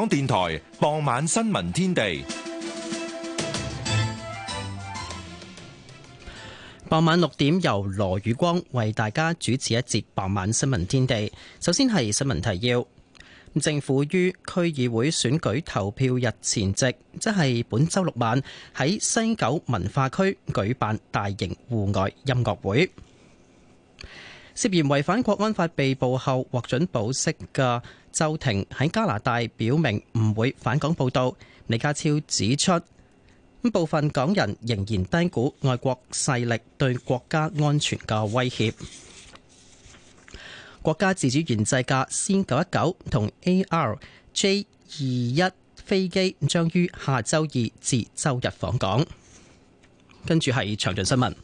港電台傍晚新聞天地，傍晚六點由羅宇光為大家主持一節傍晚新聞天地。首先係新聞提要，政府於區議會選舉投票日前夕，即係本周六晚喺西九文化區舉辦大型戶外音樂會。涉嫌違反國安法被捕後獲准保釋嘅周庭喺加拿大表明唔會返港報道。李家超指出，部分港人仍然低估外國勢力對國家安全嘅威脅。國家自主研製嘅 C 九一九同 ARJ 二一飛機將於下周二至周日訪港。跟住係詳盡新聞。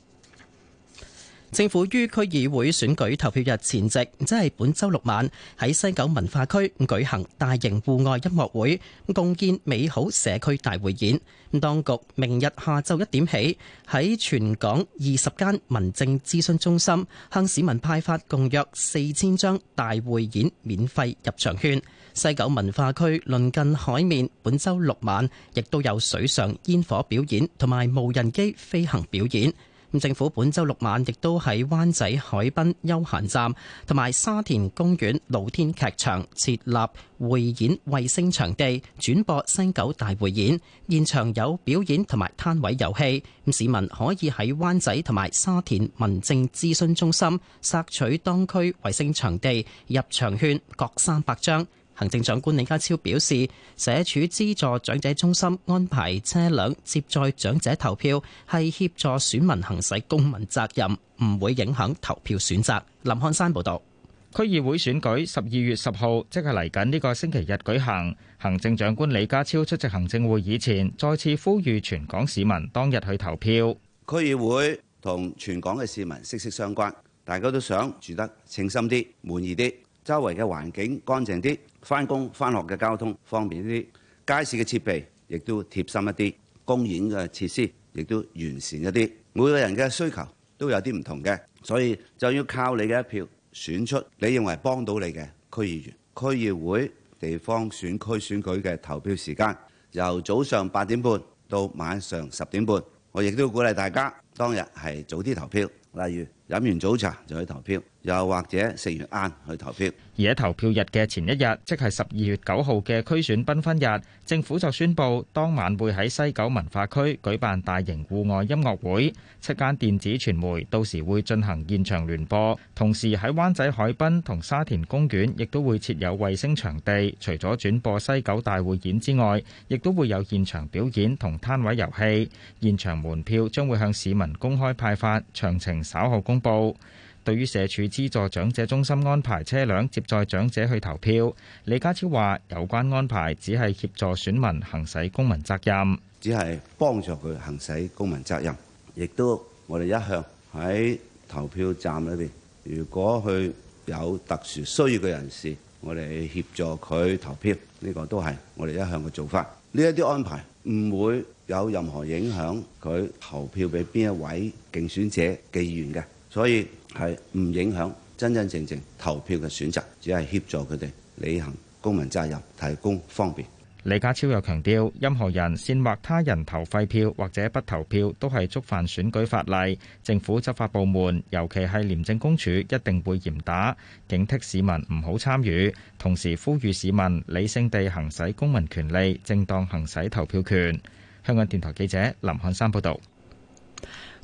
政府於區議會選舉投票日前夕，即係本周六晚，喺西九文化區舉行大型戶外音樂會《共建美好社區》大會演。咁當局明日下晝一點起，喺全港二十間民政諮詢中心，向市民派發共約四千張大會演免費入場券。西九文化區鄰近海面，本周六晚亦都有水上煙火表演同埋無人機飛行表演。政府本周六晚亦都喺灣仔海濱休閒站同埋沙田公園露天劇場設立匯演衛星場地，轉播西九大會演。現場有表演同埋攤位遊戲。市民可以喺灣仔同埋沙田民政諮詢中心索取當區衛星場地入場券各三百張。行政長官李家超表示，社署資助長者中心安排車輛接載長者投票，係協助選民行使公民責任，唔會影響投票選擇。林漢山報導，區議會選舉十二月十號即係嚟緊呢個星期日舉行。行政長官李家超出席行政會議前，再次呼籲全港市民當日去投票。區議會同全港嘅市民息息相關，大家都想住得稱心啲、滿意啲，周圍嘅環境乾淨啲。翻工翻學嘅交通方便啲，街市嘅設備亦都貼心一啲，公園嘅設施亦都完善一啲。每個人嘅需求都有啲唔同嘅，所以就要靠你嘅一票選出你認為幫到你嘅區議員。區議會地方選區選舉嘅投票時間，由早上八點半到晚上十點半。我亦都鼓勵大家當日係早啲投票，例如，飲完早茶就去投票，又或者食完晏去投票。而喺投票日嘅前一日，即係十二月九號嘅區選繽紛日，政府就宣布當晚會喺西九文化區舉辦大型戶外音樂會。七間電子傳媒到時會進行現場聯播，同時喺灣仔海濱同沙田公園亦都會設有衛星場地。除咗轉播西九大會演之外，亦都會有現場表演同攤位遊戲。現場門票將會向市民公開派發，詳情稍後公布。公佈對於社署資助長者中心安排車輛接載長者去投票，李家超話有關安排只係協助選民行使公民責任，只係幫助佢行使公民責任，亦都我哋一向喺投票站裏邊，如果佢有特殊需要嘅人士，我哋協助佢投票，呢個都係我哋一向嘅做法。呢一啲安排唔會有任何影響佢投票俾邊一位競選者嘅意願嘅。所以係唔影響真真正正投票嘅選擇，只係協助佢哋履行公民責任，提供方便。李家超又強調，任何人煽惑他人投廢票或者不投票，都係觸犯選舉法例。政府執法部門，尤其係廉政公署，一定會嚴打，警惕市民唔好參與。同時呼籲市民理性地行使公民權利，正當行使投票權。香港電台記者林漢山報道。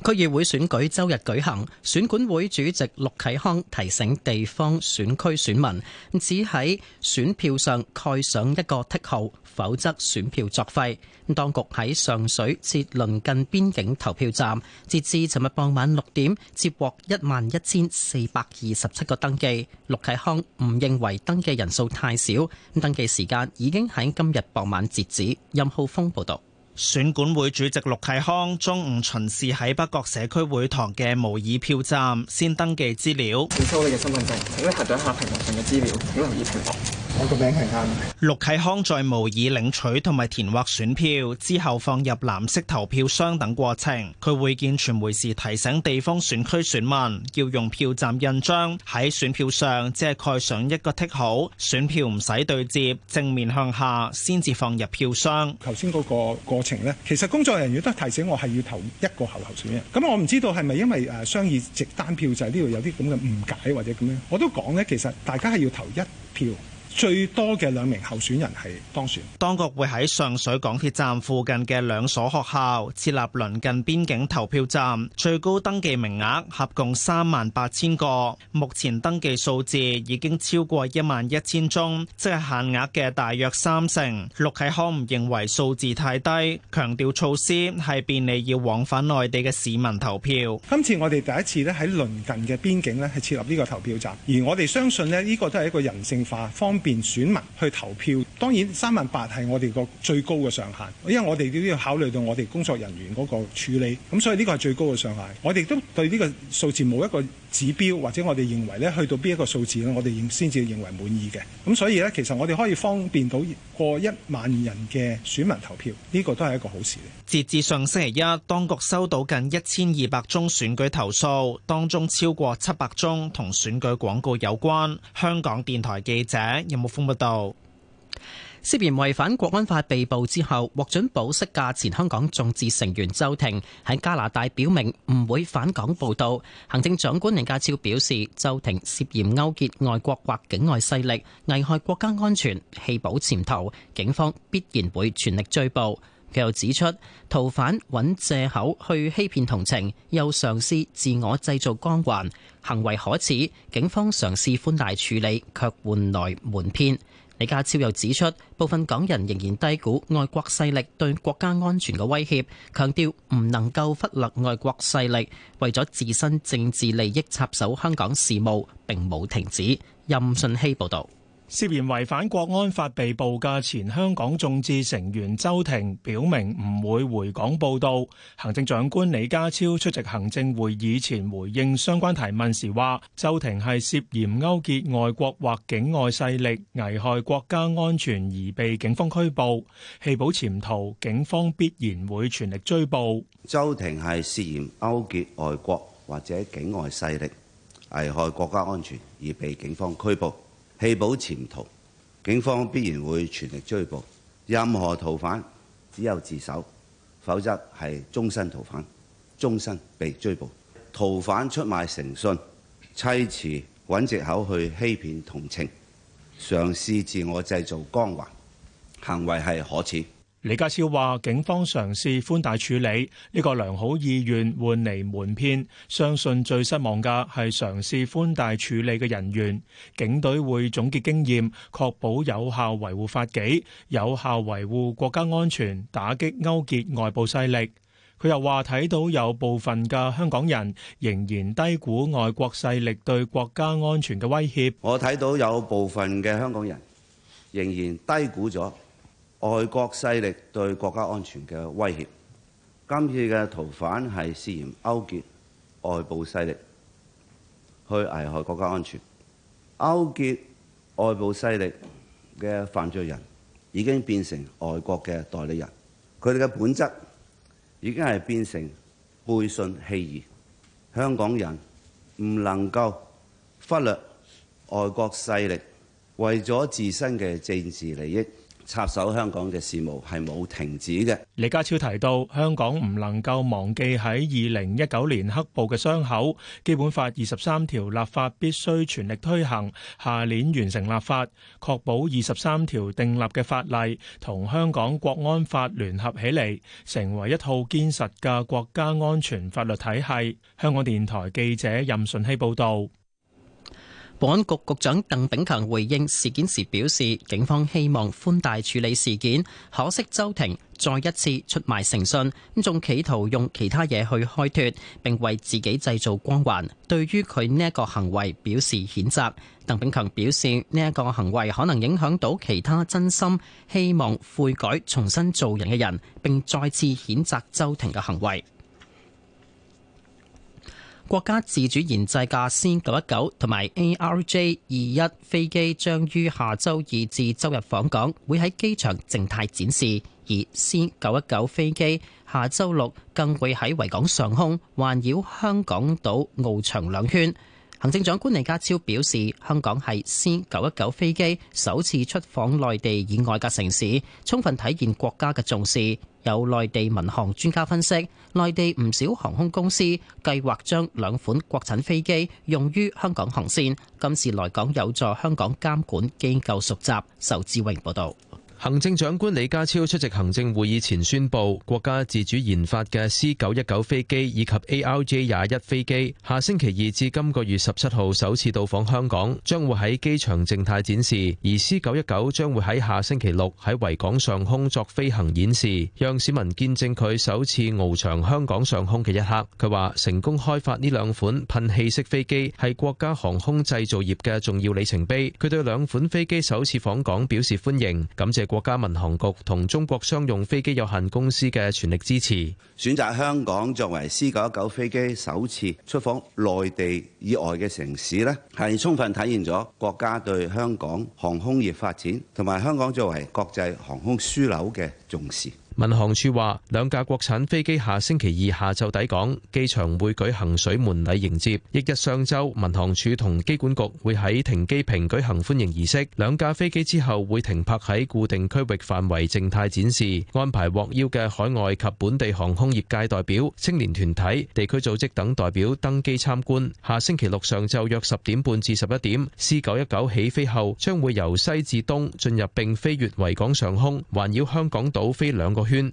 區議會選舉周日舉行，選管會主席陸啟康提醒地方選區選民，只喺選票上蓋上一個剔號，否則選票作廢。當局喺上水設鄰近邊境投票站，截至尋日傍晚六點，接獲一萬一千四百二十七個登記。陸啟康唔認為登記人數太少，登記時間已經喺今日傍晚截止。任浩峰報導。選管會主席陸啟康中午巡視喺北角社區會堂嘅模擬票站，先登記資料。請收你嘅身份證，請你核對下屏幕上嘅資料，好容易屏幕。我個名係晏陸啟康，在模擬領取同埋填劃選票之後，放入藍色投票箱等過程。佢會見傳媒時提醒地方選區選民，要用票站印章喺選票上即係蓋上一個剔號，好選票唔使對折，正面向下先至放入票箱。頭先嗰個過程呢，其實工作人員都提醒我係要投一個候候選人。咁我唔知道係咪因為誒，雙議值單票就係呢度有啲咁嘅誤解或者咁樣。我都講呢，其實大家係要投一票。最多嘅兩名候選人係當選。當局會喺上水港鐵站附近嘅兩所學校設立鄰近邊境投票站，最高登記名額合共三萬八千個，目前登記數字已經超過一萬一千宗，即係限額嘅大約三成。陸啟康唔認為數字太低，強調措施係便利要往返內地嘅市民投票。今次我哋第一次咧喺鄰近嘅邊境咧係設立呢個投票站，而我哋相信咧呢個都係一個人性化、方。便選民去投票，當然三萬八係我哋個最高嘅上限，因為我哋都要考慮到我哋工作人員嗰個處理，咁所以呢個係最高嘅上限。我哋都對呢個數字冇一個。指標或者我哋認為咧，去到邊一個數字咧，我哋認先至認為滿意嘅。咁所以咧，其實我哋可以方便到過一萬人嘅選民投票，呢個都係一個好事。截至上星期一，當局收到近一千二百宗選舉投訴，當中超過七百宗同選舉廣告有關。香港電台記者任木風報道。有涉嫌違反國安法被捕之後，獲准保釋嘅前香港眾志成員周庭喺加拿大表明唔會返港報到。行政長官李家超表示，周庭涉嫌勾結外國或境外勢力，危害國家安全，棄保潛逃，警方必然會全力追捕。佢又指出，逃犯揾借口去欺騙同情，又嘗試自我製造光環，行為可恥。警方嘗試寬大處理，卻換來瞞騙。李家超又指出，部分港人仍然低估外國勢力對國家安全嘅威脅，強調唔能夠忽略外國勢力為咗自身政治利益插手香港事務，並冇停止。任順希報道。涉嫌違反國安法被捕嘅前香港眾志成員周庭，表明唔會回港報到。行政長官李家超出席行政會議前，回應相關提問時話：周庭係涉嫌勾結外國或境外勢力，危害國家安全而被警方拘捕，棄保潛逃，警方必然會全力追捕。周庭係涉嫌勾結外國或者境外勢力，危害國家安全而被警方拘捕。棄保潛逃，警方必然會全力追捕。任何逃犯只有自首，否則係終身逃犯，終身被追捕。逃犯出賣誠信、砌詞，揾藉口去欺騙同情，嘗試自我製造光環，行為係可恥。李家超話：警方嘗試寬大處理，呢個良好意願換嚟瞞騙，相信最失望嘅係嘗試寬大處理嘅人員。警隊會總結經驗，確保有效維護法紀，有效維護國家安全，打擊勾結外部勢力。佢又話：睇到有部分嘅香港人仍然低估外國勢力對國家安全嘅威脅。我睇到有部分嘅香港人仍然低估咗。外國勢力對國家安全嘅威脅，今次嘅逃犯係涉嫌勾結外部勢力去危害國家安全，勾結外部勢力嘅犯罪人已經變成外國嘅代理人，佢哋嘅本質已經係變成背信棄義。香港人唔能夠忽略外國勢力為咗自身嘅政治利益。插手香港嘅事務係冇停止嘅。李家超提到，香港唔能夠忘記喺二零一九年黑暴嘅傷口，基本法二十三條立法必須全力推行，下年完成立法，確保二十三條定立嘅法例同香港國安法聯合起嚟，成為一套堅實嘅國家安全法律體系。香港電台記者任順希報道。保安局局長鄧炳強回應事件時表示，警方希望寬大處理事件，可惜周庭再一次出賣誠信，咁仲企圖用其他嘢去開脫，並為自己製造光環。對於佢呢一個行為，表示譴責。鄧炳強表示，呢一個行為可能影響到其他真心希望悔改、重新做人嘅人，並再次譴責周庭嘅行為。國家自主研製架 C919 同埋 ARJ21 飛機將於下周二至周日訪港，會喺機場靜態展示；而 C919 飛機下周六更會喺維港上空環繞香港島翱翔兩圈。行政長官李家超表示，香港係 C919 飛機首次出訪內地以外嘅城市，充分體現國家嘅重視。有內地民航專家分析，內地唔少航空公司計劃將兩款國產飛機用於香港航線，今次來港有助香港監管機構熟習。仇志榮報道。行政長官李家超出席行政會議前宣布，國家自主研發嘅 C 九一九飛機以及 ARJ 廿一飛機下星期二至今個月十七號首次到訪香港，將會喺機場靜態展示，而 C 九一九將會喺下星期六喺維港上空作飛行演示，讓市民見證佢首次翱翔香港上空嘅一刻。佢話成功開發呢兩款噴氣式飛機係國家航空製造業嘅重要里程碑。佢對兩款飛機首次訪港表示歡迎，感謝。國家民航局同中國商用飛機有限公司嘅全力支持，選擇香港作為 C919 飛機首次出訪內地以外嘅城市呢，係充分體現咗國家對香港航空業發展同埋香港作為國際航空樞紐嘅重視。民航處話，兩架國產飛機下星期二下晝抵港，機場會舉行水門禮迎接。翌日上晝，民航處同機管局會喺停機坪舉行歡迎儀式。兩架飛機之後會停泊喺固定區域範圍靜態展示，安排獲邀嘅海外及本地航空業界代表、青年團體、地區組織等代表登機參觀。下星期六上晝約10點半至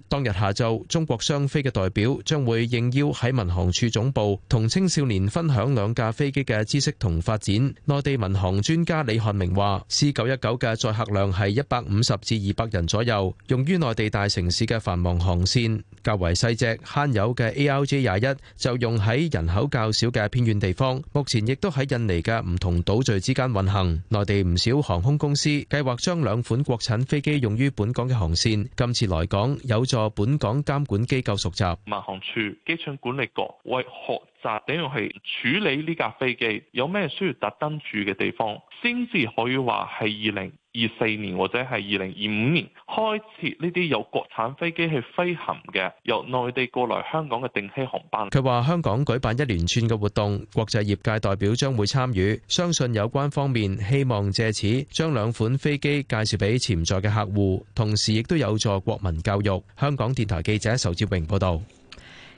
當日下晝，中國商飛嘅代表將會應邀喺民航處總部同青少年分享兩架飛機嘅知識同發展。內地民航專家李漢明話，C 九一九嘅載客量係一百五十至二百人左右，用於內地大城市嘅繁忙航線；較為細隻、慳油嘅 ARJ 廿一就用喺人口較少嘅偏遠地方。目前亦都喺印尼嘅唔同島嶼之間運行。內地唔少航空公司計劃將兩款國產飛機用於本港嘅航線。今次來港。有助本港監管機構熟習，民航處機場管理局為學。就點樣係處理呢架飛機？有咩需要特登住嘅地方，先至可以話係二零二四年或者係二零二五年開設呢啲有國產飛機去飛行嘅由內地過來香港嘅定期航班。佢話香港舉辦一連串嘅活動，國際業界代表將會參與，相信有關方面希望借此將兩款飛機介紹俾潛在嘅客戶，同時亦都有助國民教育。香港電台記者仇志榮報道。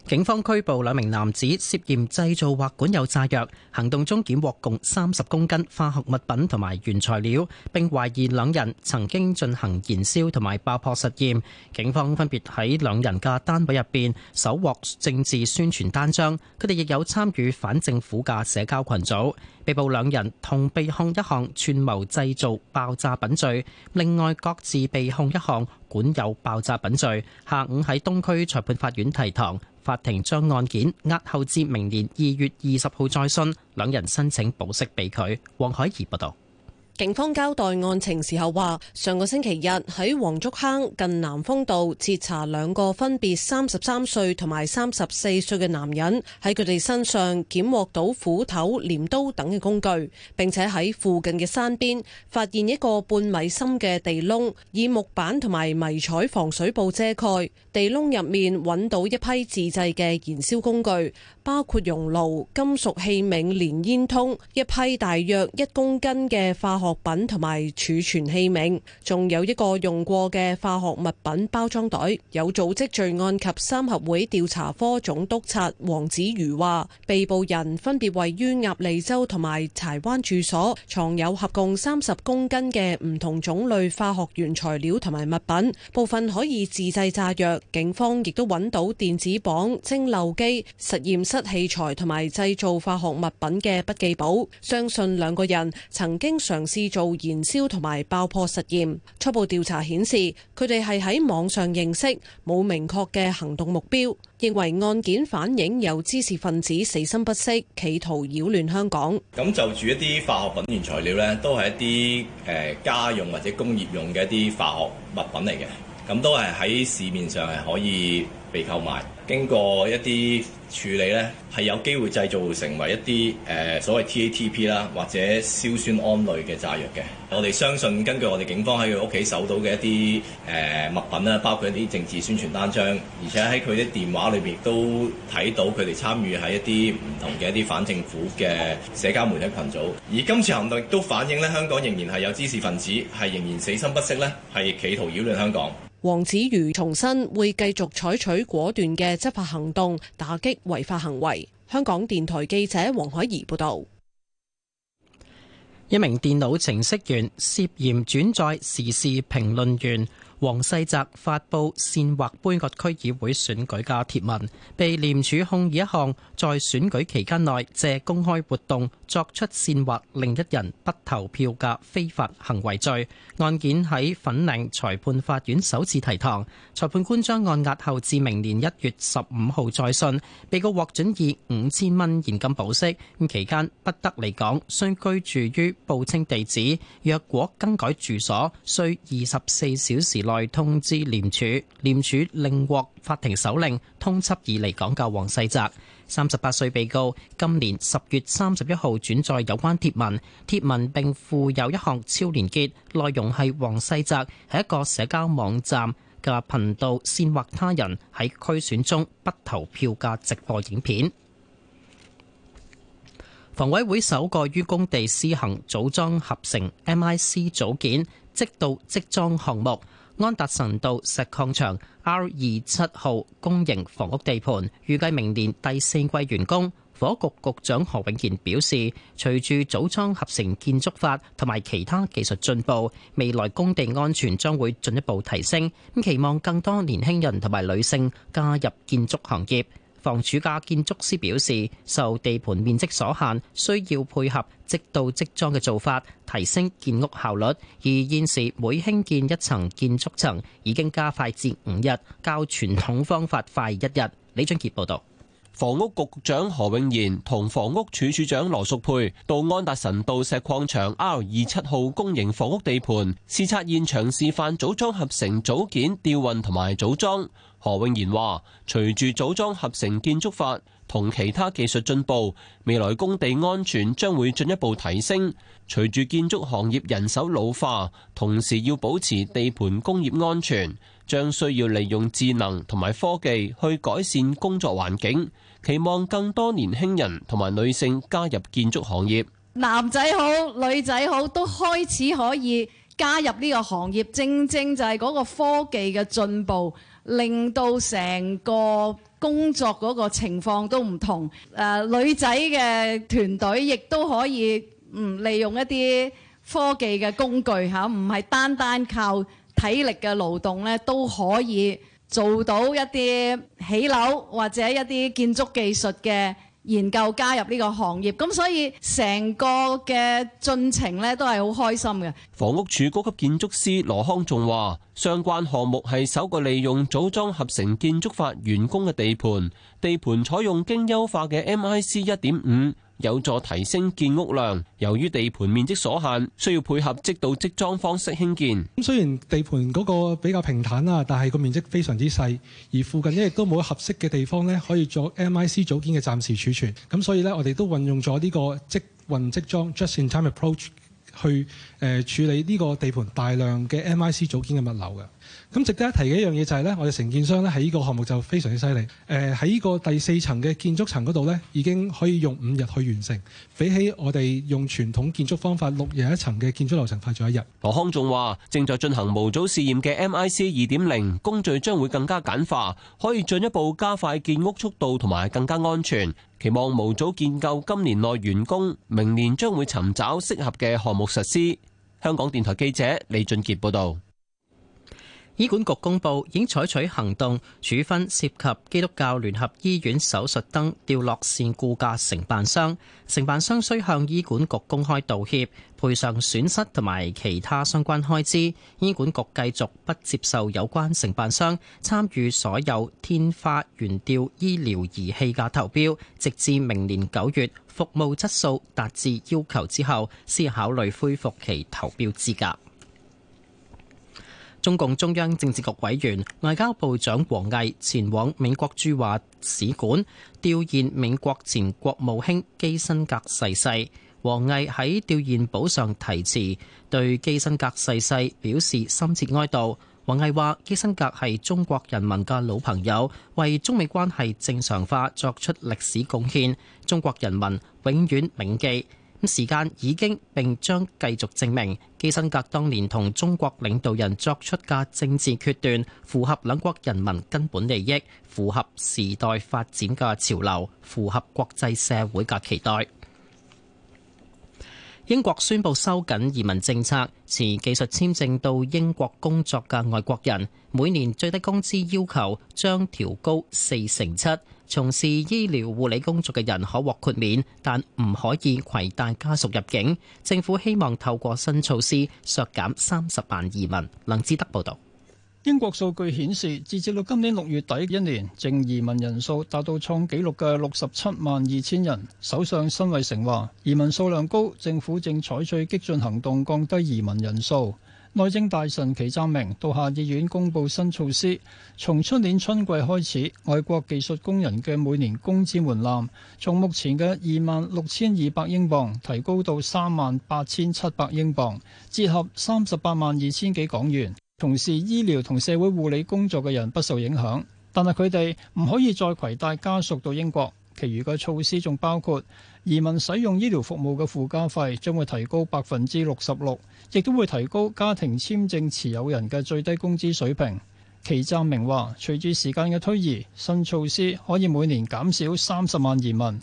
警方拘捕兩名男子，涉嫌製造或管有炸藥。行動中檢獲共三十公斤化學物品同埋原材料，並懷疑兩人曾經進行燃燒同埋爆破實驗，警方分別喺兩人嘅單位入邊搜獲政治宣傳單張，佢哋亦有參與反政府嘅社交群組，被捕兩人同被控一項串謀製造爆炸品罪，另外各自被控一項管有爆炸品罪。下午喺東區裁判法院提堂。法庭將案件押後至明年二月二十號再訊，兩人申請保釋被拒。黃海怡報導。警方交代案情時候話，上個星期日喺黃竹坑近南風道截查兩個分別三十三歲同埋三十四歲嘅男人，喺佢哋身上檢獲到斧頭、鐮刀等嘅工具，並且喺附近嘅山邊發現一個半米深嘅地窿，以木板同埋迷彩防水布遮蓋，地窿入面揾到一批自製嘅燃燒工具，包括熔爐、金屬器皿、連煙通，一批大約一公斤嘅化。學品同埋儲存器皿，仲有一個用過嘅化學物品包裝袋。有組織罪案及三合會調查科總督察黃子瑜話，被捕人分別位於鴨脷洲同埋柴灣住所，藏有合共三十公斤嘅唔同種類化學原材料同埋物品，部分可以自製炸藥。警方亦都揾到電子磅、蒸餾機、實驗室器材同埋製造化學物品嘅筆記簿。相信兩個人曾經嘗試。製造燃燒同埋爆破實驗，初步調查顯示，佢哋係喺網上認識，冇明確嘅行動目標，認為案件反映有知識分子死心不息，企圖擾亂香港。咁就住一啲化學品原材料呢，都係一啲誒家用或者工業用嘅一啲化學物品嚟嘅，咁都係喺市面上係可以。被購買，經過一啲處理咧，係有機會製造成為一啲誒、呃、所謂 TATP 啦，或者硝酸胺類嘅炸藥嘅。我哋相信根據我哋警方喺佢屋企搜到嘅一啲誒、呃、物品啦，包括一啲政治宣傳單張，而且喺佢啲電話裏邊亦都睇到佢哋參與喺一啲唔同嘅一啲反政府嘅社交媒體群組。而今次行動亦都反映咧，香港仍然係有知識分子係仍然死心不息咧，係企圖擾亂香港。黃子瑜重申會繼續採取。果斷嘅執法行動打擊違法行為。香港電台記者黃海怡報道，一名電腦程式員涉嫌轉載時事評論員黃世澤發布煽惑杯葛區議會選舉嘅貼文，被廉署控以一項在選舉期間內借公開活動。作出煽惑另一人不投票嘅非法行為罪，案件喺粉嶺裁判法院首次提堂，裁判官將案押後至明年一月十五號再訊。被告獲准以五千蚊現金保釋，期間不得離港，需居住於報稱地址。若果更改住所，需二十四小時內通知廉署。廉署另獲法庭手令通緝已離港嘅黃世澤。三十八歲被告今年十月三十一號轉載有關貼文，貼文並附有一項超連結，內容係黃世澤喺一個社交網站嘅頻道煽惑他人喺區選中不投票嘅直播影片。房委會首個於工地施行組裝合成 MIC 組件，即到即裝項目。安達臣道石礦場 R 二七號公營房屋地盤預計明年第四季完工。房屋局局長何永賢表示，隨住組裝合成建築法同埋其他技術進步，未來工地安全將會進一步提升。咁期望更多年輕人同埋女性加入建築行業。房署嘅建築師表示，受地盤面積所限，需要配合即到即裝嘅做法，提升建屋效率。而現時每興建一層建築層，已經加快至五日，較傳統方法快一日。李俊傑報導。房屋局局長何永賢同房屋署署長羅淑佩到安達臣道石礦場 R 二七號公營房屋地盤視察現場示範組裝合成組件,組件吊運同埋組裝。何永賢話，隨住組裝合成建築法同其他技術進步，未來工地安全將會進一步提升。隨住建築行業人手老化，同時要保持地盤工業安全，將需要利用智能同埋科技去改善工作環境。期望更多年輕人同埋女性加入建築行業。男仔好，女仔好，都開始可以加入呢個行業。正正就係嗰個科技嘅進步。令到成個工作嗰個情況都唔同，誒，女仔嘅團隊亦都可以嗯，利用一啲科技嘅工具吓，唔係單單靠體力嘅勞動咧，都可以做到一啲起樓或者一啲建築技術嘅。研究加入呢個行業，咁所以成個嘅進程咧都係好開心嘅。房屋署高級建築師羅康仲話：相關項目係首個利用組裝合成建築法完工嘅地盤，地盤採用經優化嘅 MIC 一點五。有助提升建屋量。由於地盤面積所限，需要配合即到即裝方式興建。咁雖然地盤嗰個比較平坦啊，但係個面積非常之細，而附近亦都冇合適嘅地方呢可以做 M I C 組件嘅暫時儲存。咁所以呢，我哋都運用咗呢個即運即裝 just in time approach 去誒處理呢個地盤大量嘅 M I C 組件嘅物流嘅。咁值得一提嘅一樣嘢就係咧，我哋承建商咧喺呢個項目就非常之犀利。誒，喺呢個第四層嘅建築層嗰度咧，已經可以用五日去完成，比起我哋用傳統建築方法六日一層嘅建築流程快咗一日。羅康仲話正在進行模組試驗嘅 MIC 二點零工序將會更加簡化，可以進一步加快建屋速度同埋更加安全。期望模組建構今年內完工，明年將會尋找適合嘅項目實施。香港電台記者李俊傑報道。醫管局公布，已經採取行動處分涉及基督教聯合醫院手術燈掉落線故障承辦商，承辦商需向醫管局公開道歉，賠償損失同埋其他相關開支。醫管局繼續不接受有關承辦商參與所有天花懸吊醫療儀器嘅投標，直至明年九月服務質素達至要求之後，先考慮恢復其投標資格。中共中央政治局委員、外交部長王毅前往美國駐華使館弔唁美國前國務卿基辛格逝世。王毅喺弔唁簿上題詞，對基辛格逝世表示深切哀悼。王毅話基辛格係中國人民嘅老朋友，為中美關係正常化作出歷史貢獻，中國人民永遠銘記。時間已經並將繼續證明，基辛格當年同中國領導人作出嘅政治決斷，符合兩國人民根本利益，符合時代發展嘅潮流，符合國際社會嘅期待。英國宣布收緊移民政策，持技術簽證到英國工作嘅外國人，每年最低工資要求將調高四成七。從事醫療護理工作嘅人可獲豁免，但唔可以攜帶家屬入境。政府希望透過新措施削減三十萬移民。林志德報導。英國數據顯示，截至到今年六月底，一年淨移民人數達到創紀錄嘅六十七萬二千人。首相辛偉誠話移民數量高，政府正採取激進行動降低移民人數。內政大臣祁澤明到下議院公布新措施，從出年春季開始，外國技術工人嘅每年工資門檻從目前嘅二萬六千二百英鎊提高到三萬八千七百英鎊，折合三十八萬二千幾港元。從事醫療同社會護理工作嘅人不受影響，但係佢哋唔可以再攜帶家屬到英國。其餘嘅措施仲包括移民使用醫療服務嘅附加費將會提高百分之六十六，亦都會提高家庭簽證持有人嘅最低工資水平。祁湛明話，隨住時間嘅推移，新措施可以每年減少三十萬移民。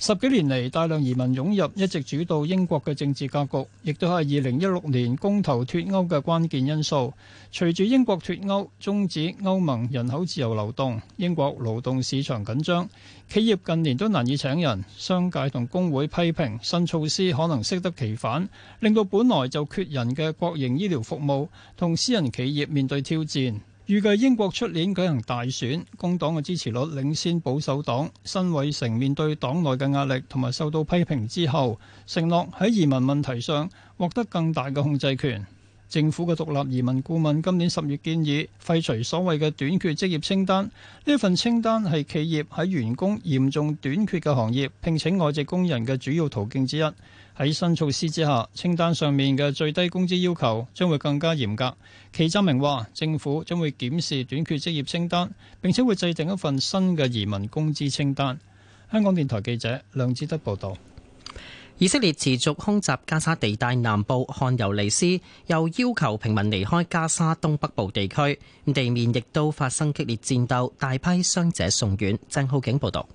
十幾年嚟，大量移民湧入一直主導英國嘅政治格局，亦都係二零一六年公投脫歐嘅關鍵因素。隨住英國脫歐終止歐盟人口自由流動，英國勞動市場緊張，企業近年都難以請人。商界同工會批評新措施可能適得其反，令到本來就缺人嘅國營醫療服務同私人企業面對挑戰。預計英國出年舉行大選，工黨嘅支持率領先保守黨。辛偉誠面對黨內嘅壓力同埋受到批評之後，承諾喺移民問題上獲得更大嘅控制權。政府嘅獨立移民顧問今年十月建議廢除所謂嘅短缺職業清單，呢份清單係企業喺員工嚴重短缺嘅行業，聘請外籍工人嘅主要途徑之一。喺新措施之下，清單上面嘅最低工資要求將會更加嚴格。其澤明話，政府將會檢視短缺職業清單，並且會制定一份新嘅移民工資清單，香港電台記者梁志德報道。以色列持續空襲加沙地帶南部漢尤尼斯，又要求平民離開加沙東北部地區，地面亦都發生激烈戰鬥，大批傷者送院。鄭浩景報道。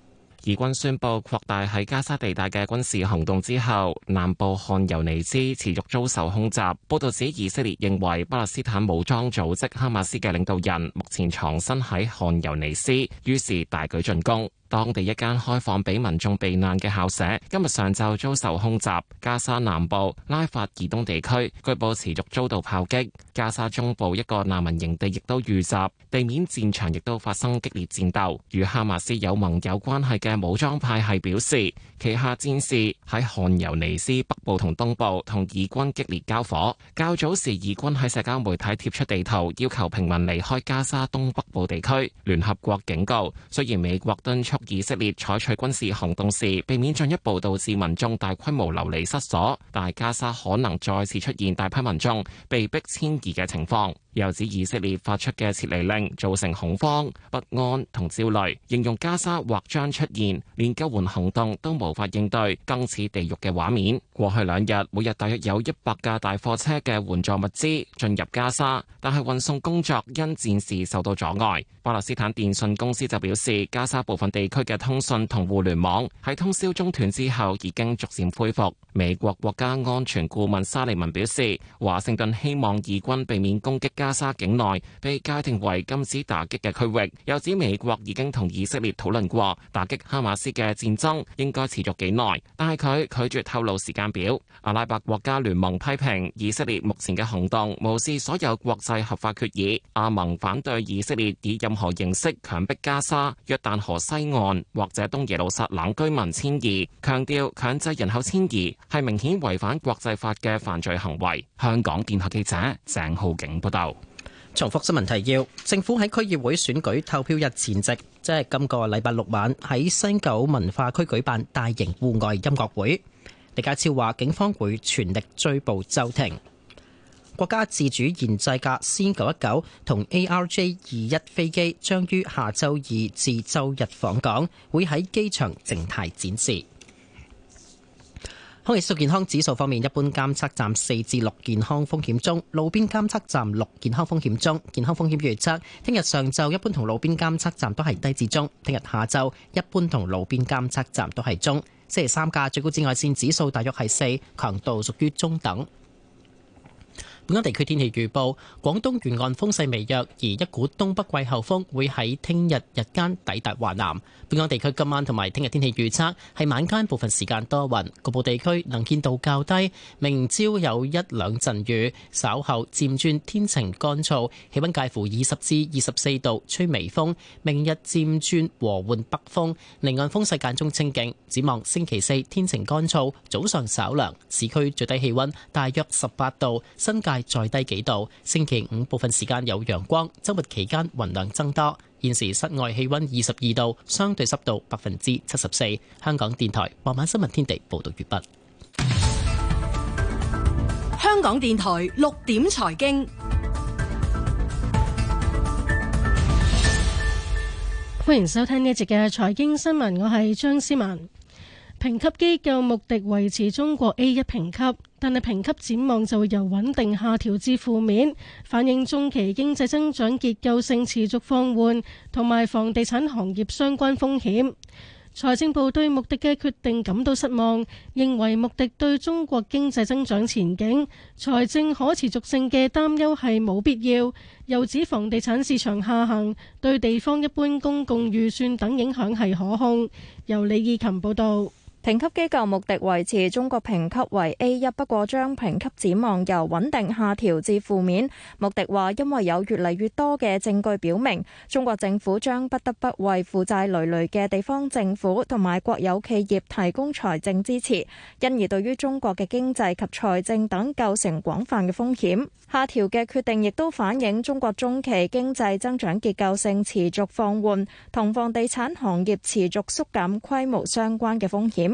以軍宣布擴大喺加沙地帶嘅軍事行動之後，南部漢尤尼斯持續遭受空襲。報道指，以色列認為巴勒斯坦武裝組織哈馬斯嘅領導人目前藏身喺漢尤尼斯，於是大舉進攻。當地一間開放俾民眾避難嘅校舍，今日上晝遭受空襲。加沙南部、拉法以東地區據報持續遭到炮擊。加沙中部一個難民營地亦都遇襲，地面戰場亦都發生激烈戰鬥。與哈馬斯有盟友關係嘅武裝派系表示，旗下戰士喺汗尤尼斯北部同東部同以軍激烈交火。較早時，以軍喺社交媒體貼出地圖，要求平民離開加沙東北部地區。聯合國警告，雖然美國敦促以色列採取軍事行動時避免進一步導致民眾大規模流離失所，但加沙可能再次出現大批民眾被迫遷移嘅情況，又指以色列發出嘅撤離令造成恐慌、不安同焦慮，形容加沙或將出現連救援行動都無法應對更似地獄嘅畫面。過去兩日，每日大約有一百架大貨車嘅援助物資進入加沙，但係運送工作因戰事受到阻礙。巴勒斯坦電訊公司就表示，加沙部分地區嘅通訊同互聯網喺通宵中斷之後已經逐漸恢復。美國國家安全顧問沙利文表示，華盛頓希望以軍避免攻擊加沙境內被界定為禁止打擊嘅區域。又指美國已經同以色列討論過，打擊哈馬斯嘅戰爭應該持續幾耐，但係佢拒絕透露時間表。阿拉伯國家聯盟批評以色列目前嘅行動無視所有國際合法決議。阿盟反對以色列以任任何形式強迫加沙、約旦河西岸或者東耶路撒冷居民遷移，強調強制人口遷移係明顯違反國際法嘅犯罪行為。香港電台記者鄭浩景報道。重複新聞提要：政府喺區議會選舉投票日前夕，即係今個禮拜六晚喺西九文化區舉辦大型戶外音樂會。李家超話，警方會全力追捕周庭。國家自主研製嘅 C 九一九同 A R J 二一飛機將於下周二至周日訪港，會喺機場靜態展示。空氣質素健康指數方面，一般監測站四至六健康風險中，路邊監測站六健康風險中。健康風險預測聽日上晝一般同路邊監測站都係低至中，聽日下晝一般同路邊監測站都係中。星期三嘅最高紫外線指數大約係四，強度屬於中等。本港地區天氣預報，廣東沿岸風勢微弱，而一股東北季候風會喺聽日日間抵達華南。本港地區今晚同埋聽日天氣預測係晚間部分時間多雲，局部地區能見度較低；明朝有一兩陣雨，稍後漸轉天晴乾燥，氣溫介乎二十至二十四度，吹微風，明日漸轉和緩北風，離岸風勢間中清勁，展望星期四天晴乾燥，早上稍涼，市區最低氣溫大約十八度，新界，再低幾度。星期五部分時間有陽光，周末期間雲量增多。現時室外氣溫二十二度，相對濕度百分之七十四。香港電台傍晚新聞天地報道完畢。香港電台六點財經，歡迎收聽呢一節嘅財經新聞，我係張思文。評級機構穆迪維持中國 A1 評級，但係評級展望就會由穩定下調至負面，反映中期經濟增長結構性持續放緩，同埋房地產行業相關風險。財政部對穆迪嘅決定感到失望，認為穆迪對中國經濟增長前景、財政可持續性嘅擔憂係冇必要，又指房地產市場下行對地方一般公共預算等影響係可控。由李義琴報道。評級機構穆迪維持中國評級為 A1，不過將評級展望由穩定下調至負面。穆迪話，因為有越嚟越多嘅證據表明，中國政府將不得不為負債累累嘅地方政府同埋國有企業提供財政支持，因而對於中國嘅經濟及財政等構成廣泛嘅風險。下調嘅決定亦都反映中國中期經濟增長結構性持續放緩，同房地產行業持續縮減規模相關嘅風險。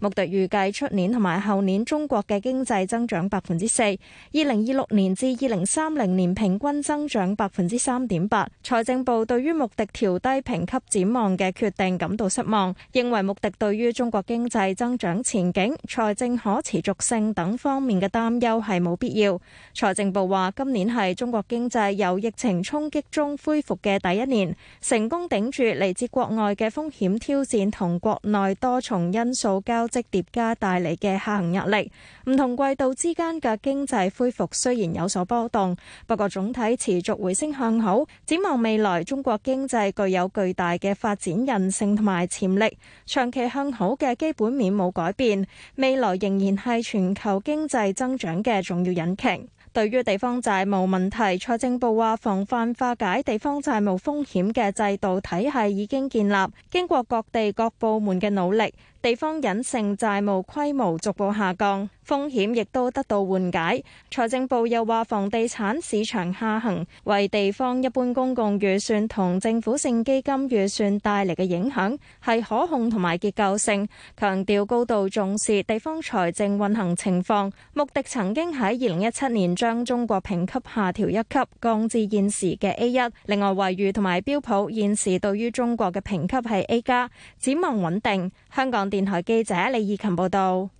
穆迪預計出年同埋後年中國嘅經濟增長百分之四，二零二六年至二零三零年平均增長百分之三點八。財政部對於穆迪調低評級展望嘅決定感到失望，認為穆迪對於中國經濟增長前景、財政可持續性等方面嘅擔憂係冇必要。財政部話，今年係中國經濟由疫情衝擊中恢復嘅第一年，成功頂住嚟自國外嘅風險挑戰同國內多重因素交即疊加帶嚟嘅下行壓力，唔同季度之間嘅經濟恢復雖然有所波動，不過總體持續回升向好。展望未來，中國經濟具有巨大嘅發展韌性同埋潛力，長期向好嘅基本面冇改變，未來仍然係全球經濟增長嘅重要引擎。對於地方債務問題，財政部話防範化解地方債務風險嘅制度體系已經建立，經過各地各部門嘅努力。地方隱性債務規模逐步下降，風險亦都得到緩解。財政部又話，房地產市場下行為地方一般公共預算同政府性基金預算帶嚟嘅影響係可控同埋結構性，強調高度重視地方財政運行情況。穆迪曾經喺二零一七年將中國評級下調一級降至現時嘅 A 一。另外，惠譽同埋標普現時對於中國嘅評級係 A 加，展望穩定。香港電台記者李義勤報道，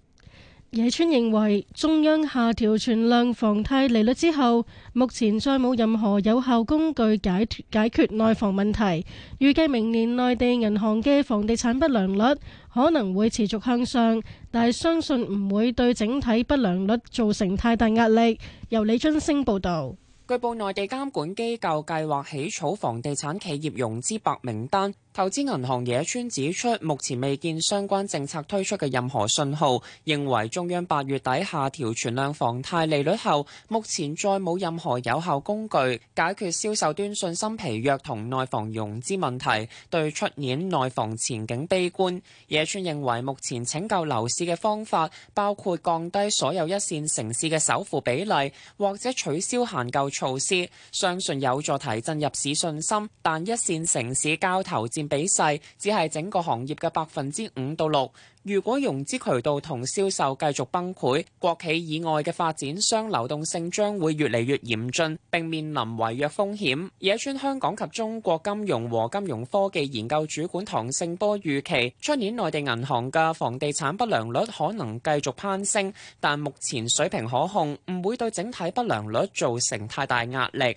野村認為中央下調存量房貸利率之後，目前再冇任何有效工具解解決內房問題。預計明年內地銀行嘅房地產不良率可能會持續向上，但係相信唔會對整體不良率造成太大壓力。由李津升報道，據報內地監管機構計劃起草房地產企業融資白名單。投資銀行野村指出，目前未見相關政策推出嘅任何信號，認為中央八月底下調存量房貸利率後，目前再冇任何有效工具解決銷售端信心疲弱同內房融資問題，對出年內房前景悲觀。野村認為，目前拯救樓市嘅方法包括降低所有一線城市嘅首付比例，或者取消限購措施，相信有助提振入市信心，但一線城市交投占。比細只係整個行業嘅百分之五到六。如果融資渠道同銷售繼續崩潰，國企以外嘅發展商流動性將會越嚟越嚴峻，並面臨違約風險。野村香港及中國金融和金融科技研究主管唐勝波預期，出年內地銀行嘅房地產不良率可能繼續攀升，但目前水平可控，唔會對整體不良率造成太大壓力。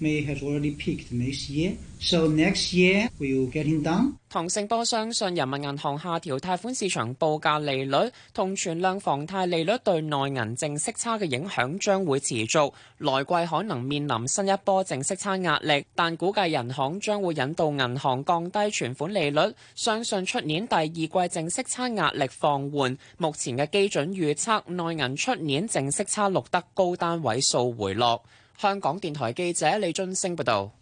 May has already peaked next year, so next year we'll getting down。唐盛波相信，人民銀行下調貸款市場報價利率同存量房貸利率對內銀淨息差嘅影響將會持續，來季可能面臨新一波淨息差壓力，但估計人行將會引導銀行降低存款利率，相信出年第二季淨息差壓力放緩。目前嘅基準預測，內銀出年淨息差錄得高單位數回落。香港電台記者李俊升報道，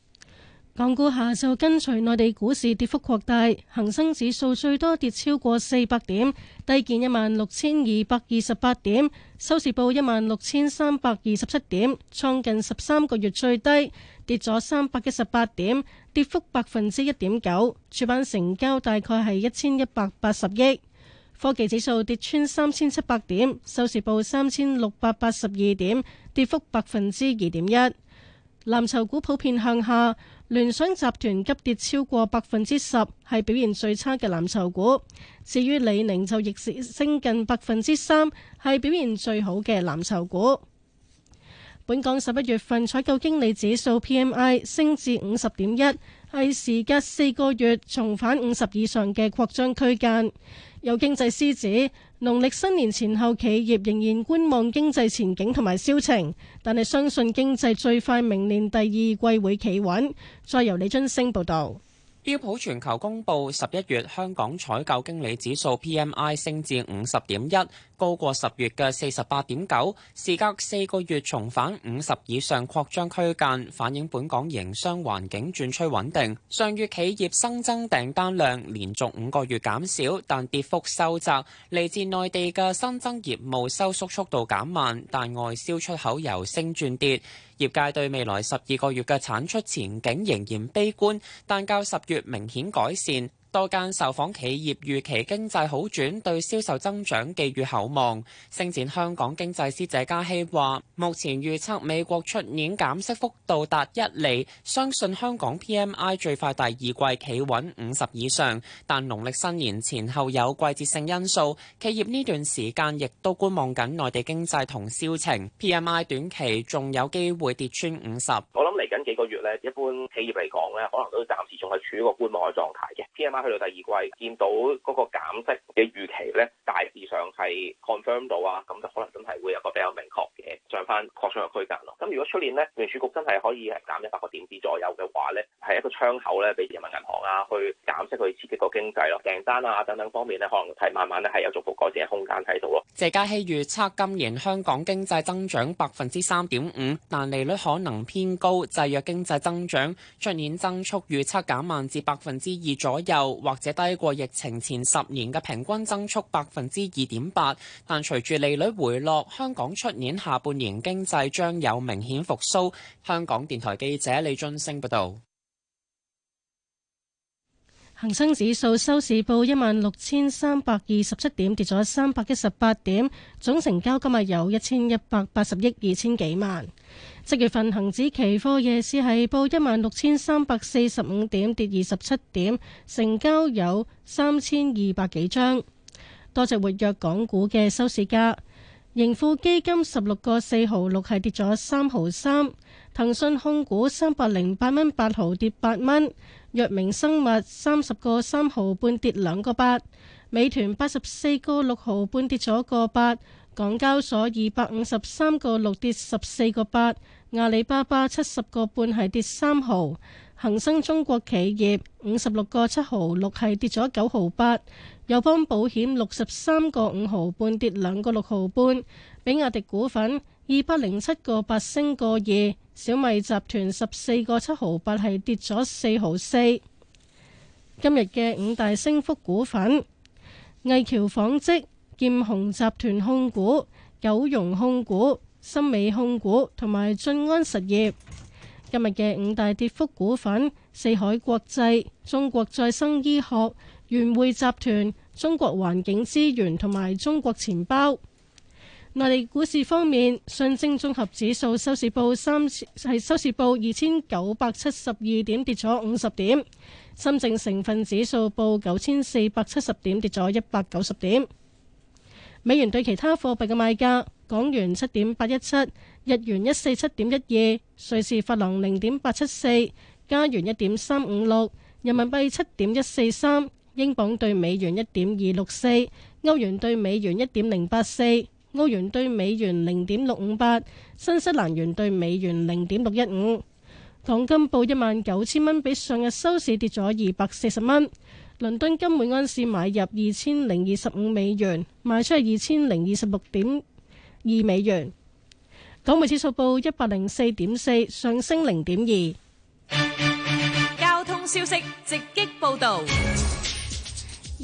港股下晝跟隨內地股市跌幅擴大，恒生指數最多跌超過四百點，低見一萬六千二百二十八點，收市報一萬六千三百二十七點，創近十三個月最低，跌咗三百一十八點，跌幅百分之一點九。主板成交大概係一千一百八十億。科技指數跌穿三千七百點，收市報三千六百八十二點，跌幅百分之二點一。藍籌股普遍向下，聯想集團急跌超過百分之十，係表現最差嘅藍籌股。至於李寧就逆市升近百分之三，係表現最好嘅藍籌股。本港十一月份採購經理指數 PMI 升至五十點一，係時隔四個月重返五十以上嘅擴張區間。有經濟師指，農曆新年前後企業仍然觀望經濟前景同埋銷情，但係相信經濟最快明年第二季會企穩。再由李津升報導。標普全球公布十一月香港採購經理指數 PMI 升至五十點一，高過十月嘅四十八點九，時隔四個月重返五十以上擴張區間，反映本港營商環境轉趨穩定。上月企業新增訂單量連續五個月減少，但跌幅收窄。嚟自內地嘅新增業務收縮速度減慢，但外銷出口由升轉跌。業界對未來十二個月嘅產出前景仍然悲觀，但較十月明顯改善。多間受訪企業預期經濟好轉，對銷售增長寄予厚望。星展香港經濟師謝嘉熙話，目前預測美國出年減息幅度達一厘，相信香港 PMI 最快第二季企穩五十以上。但農曆新年前後有季節性因素，企業呢段時間亦都觀望緊內地經濟同銷情。PMI 短期仲有機會跌穿五十。我諗嚟緊幾個月咧，一般企業嚟講咧，可能都暫時仲係處於一個觀望嘅狀態嘅。P.M.I. 去到第二季，見到嗰個減息嘅預期咧，大致上係 confirm 到啊，咁就可能真係會有個比較明確。誒上翻擴出嘅區間咯，咁如果出年咧，聯儲局真係可以係減一百個點子左右嘅話呢，係一個窗口咧，俾人民銀行啊，去減息去刺激個經濟咯、啊，訂單啊等等方面呢，可能係慢慢咧係有逐步改善嘅空間喺度咯。謝嘉希預測今年香港經濟增長百分之三點五，但利率可能偏高，制約經濟增長。出年增速預測減，減慢至百分之二左右，或者低過疫情前十年嘅平均增速百分之二點八。但隨住利率回落，香港出年下。下半年經濟將有明顯復甦。香港電台記者李津升報道：恒生指數收市報一萬六千三百二十七點，跌咗三百一十八點，總成交今日有一千一百八十億二千幾萬。七月份恒指期貨夜市係報一萬六千三百四十五點，跌二十七點，成交有三千二百幾張，多隻活躍港股嘅收市價。盈富基金十六個四毫六係跌咗三毫三，騰訊控股三百零八蚊八毫跌八蚊，藥明生物三十個三毫半跌兩個八，美團八十四個六毫半跌咗個八，港交所二百五十三個六跌十四個八，阿里巴巴七十個半係跌三毫。恒生中國企業五十六個七毫六係跌咗九毫八，友邦保險六十三個五毫半跌兩個六毫半，比亞迪股份二百零七個八升個二，小米集團十四個七毫八係跌咗四毫四。今日嘅五大升幅股份：魏橋紡織、劍雄集團控股、九融控股、森美控股同埋晉安實業。今日嘅五大跌幅股份：四海國際、中國再生醫學、圓匯集團、中國環境資源同埋中國錢包。內地股市方面，上證綜合指數收市報三，係收市報二千九百七十二點跌咗五十點，深證成分指數報九千四百七十點跌咗一百九十點，美元對其他貨幣嘅賣價港元七點八一七。日元一四七點一二，瑞士法郎零點八七四，加元一點三五六，人民幣七點一四三，英鎊對美元一點二六四，歐元對美元一點零八四，澳元對美元零點六五八，新西蘭元對美元零點六一五。港金報一萬九千蚊，比上日收市跌咗二百四十蚊。倫敦金每安士買入二千零二十五美元，賣出係二千零二十六點二美元。港匯指數報一百零四點四，上升零點二。交通消息直擊報道。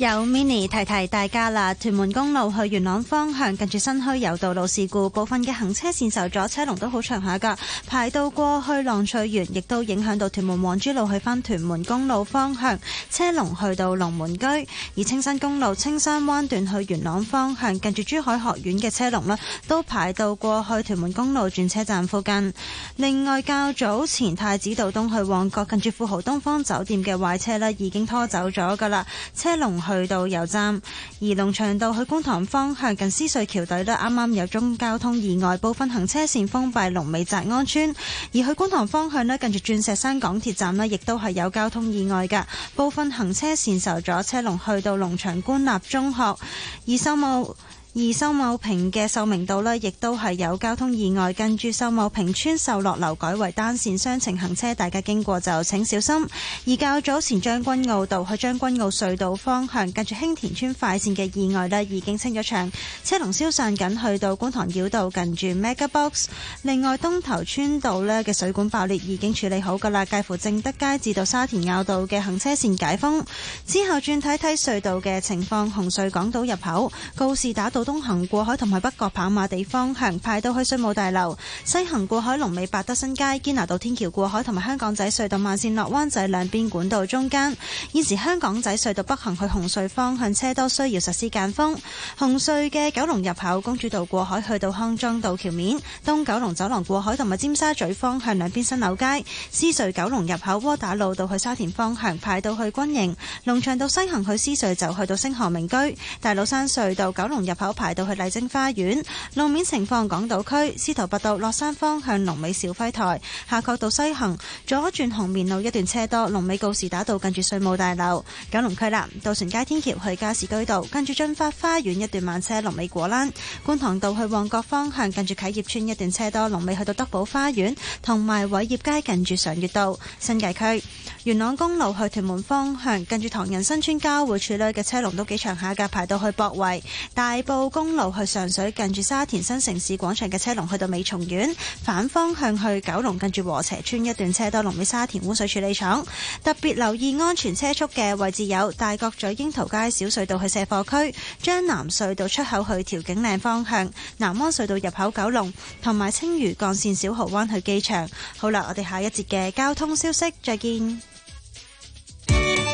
有 mini 提提大家啦！屯門公路去元朗方向近住新墟有道路事故，部分嘅行車線受阻，車龍都好長下噶，排到過去浪翠園，亦都影響到屯門皇珠路去返屯門公路方向，車龍去到龍門居。而青山公路青山灣段去元朗方向近住珠海學院嘅車龍呢，都排到過去屯門公路轉車站附近。另外，較早前太子道東去旺角近住富豪東方酒店嘅壞車呢，已經拖走咗噶啦，車龍去到油站，而龍翔道去觀塘方向近思瑞橋底咧，啱啱有宗交通意外，部分行車線封閉，龍尾澤安村；而去觀塘方向呢，近住鑽石山港鐵站呢，亦都係有交通意外嘅，部分行車線受阻，車龍去到龍翔官立中學二三木。而秀茂坪嘅秀明道咧，亦都係有交通意外。跟住秀茂坪邨秀樂樓改為單線雙程行車，大家經過就請小心。而較早前將軍澳道去將軍澳隧道方向，跟住興田邨快線嘅意外咧，已經清咗場，車龍消散緊。去到觀塘繞道，近住 MegaBox。另外，東頭村道咧嘅水管爆裂已經處理好噶啦，介乎正德街至到沙田坳道嘅行車線解封，之後轉睇睇隧道嘅情況，紅隧港島入口告士打道。東行過海同埋北角跑馬地方向，排到去稅務大樓；西行過海，龍尾百德新街堅拿道天橋過海同埋香港仔隧道慢線落灣仔兩邊管道中間。現時香港仔隧道北行去紅隧方向車多，需要實施間封。紅隧嘅九龍入口公主道過海去到康莊道橋面，東九龍走廊過海同埋尖沙咀方向兩邊新樓街。獅隧九龍入口窩打老道去沙田方向，排到去軍營，龍翔道西行去獅隧就去到星河名居、大老山隧道九龍入口。排到去麗晶花園。路面情況，港島區司徒拔道落山方向龍尾肇輝台夏慤道西行左轉紅棉路一段車多，龍尾告士打道近住稅務大樓；九龍區南渡船街天橋去加士居道跟住駿發花園一段慢車，龍尾果欄觀塘道去旺角方向近住啟業邨一段車多，龍尾去到德寶花園同埋偉業街近住常悅道，新界區元朗公路去屯門方向近住唐人新村交匯處裏嘅車龍都幾長下噶，排到去博圍大埔澳公路去上水，近住沙田新城市廣場嘅車龍去到美松苑，反方向去九龍，近住和斜村一段車多，龍尾沙田污水處理廠。特別留意安全車速嘅位置有大角咀櫻桃街小隧道去卸貨區，將南隧道出口去調景嶺方向，南安隧道入口九龍，同埋青嶼幹線小蠔灣去機場。好啦，我哋下一節嘅交通消息再見。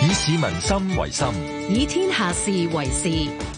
以市民心為心，以天下事為事。